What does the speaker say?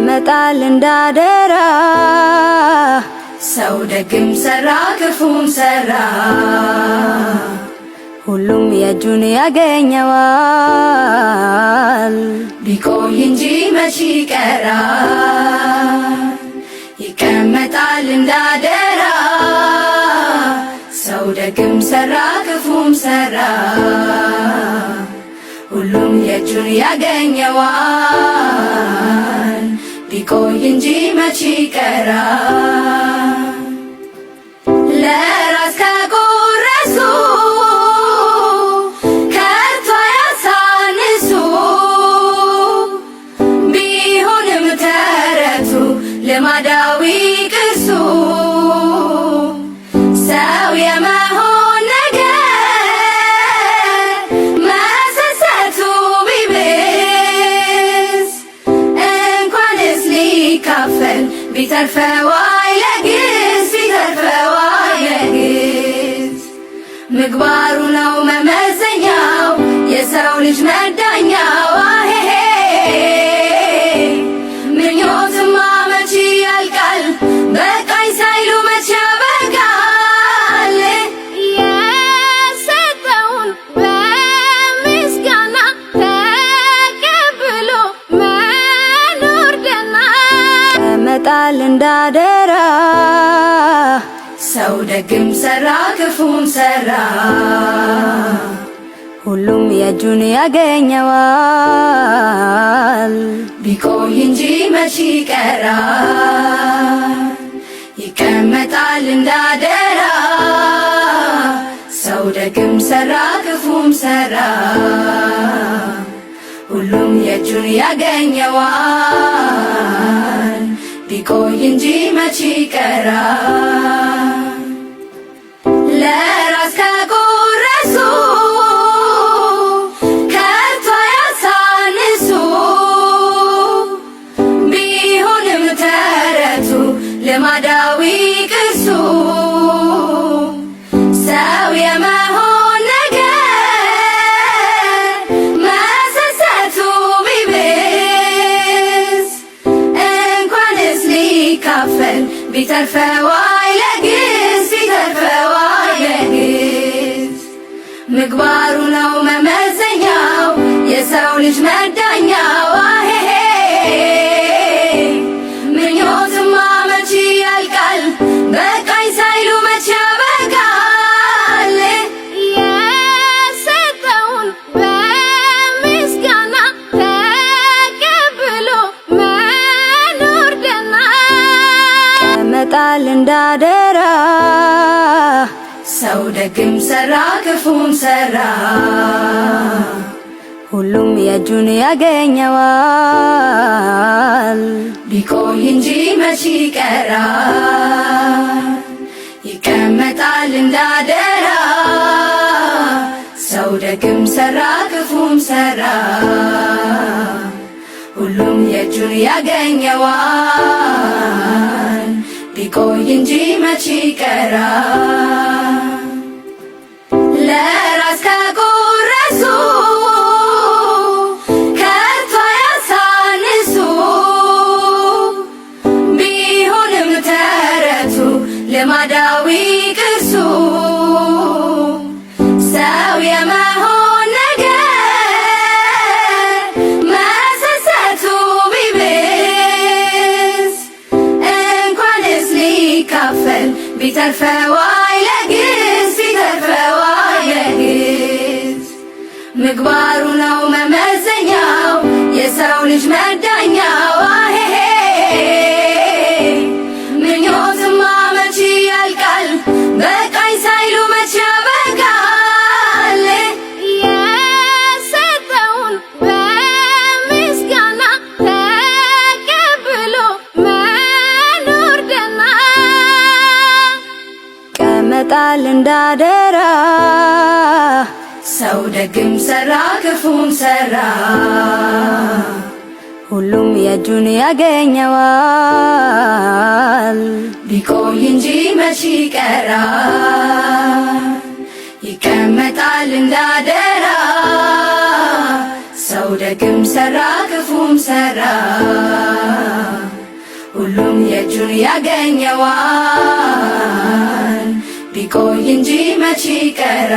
ያመጣል እንዳደራ ሰው ደግም ሰራ ክፉም ሰራ ሁሉም የእጁን ያገኘዋል። ቢቆይ እንጂ መች ቀራ ይቀመጣል እንዳደራ ሰው ደግም ሰራ ክፉም ሰራ ሁሉም የእጁን ያገኘዋል። ቢቆይ እንጂ መች ቀራ ይተርፈዋይ ለግስ ይተርፈዋይ ለግስ ምግባሩ ነው መመዘኛው የሰው ልጅ መዳኛው እንዳደራ ሰው ደግም ሰራ ክፉም ሰራ ሁሉም የእጁን ያገኘዋል። ቢቆይ እንጂ መች ቀራ ይቀመጣል እንዳደራ ሰው ደግም ሰራ ክፉም ሰራ ሁሉም የእጁን ያገኘዋል። ቆይ እንጂ መች ቀራ ይተርፈዋይ ለግስ ይተርፈዋይ ለግስ ምግባሩ ነው መመዘኛው የሰው ልጅ መዳ ይሆናል እንዳደራ። ሰው ደግም ሰራ ክፉም ሰራ ሁሉም የእጁን ያገኘዋል። ቢቆይ እንጂ መች ቀራ ይቀመጣል እንዳደራ። ሰው ደግም ሰራ ክፉም ሰራ ሁሉም የእጁን ያገኘዋል። ቢቆይ እንጂ መች ቀራ ترفع ويلاقيس في ترفع ويلاقيس مقبار ونومة ይሰጣል እንዳደራ። ሰው ደግም ሰራ ክፉም ሰራ ሁሉም የእጁን ያገኘዋል። ቢቆይ እንጂ መች ቀራ ይቀመጣል እንዳደራ። ሰው ደግም ሰራ ክፉም ሰራ ሁሉም የእጁን ያገኘዋል። እንጂ መቼ ቀራ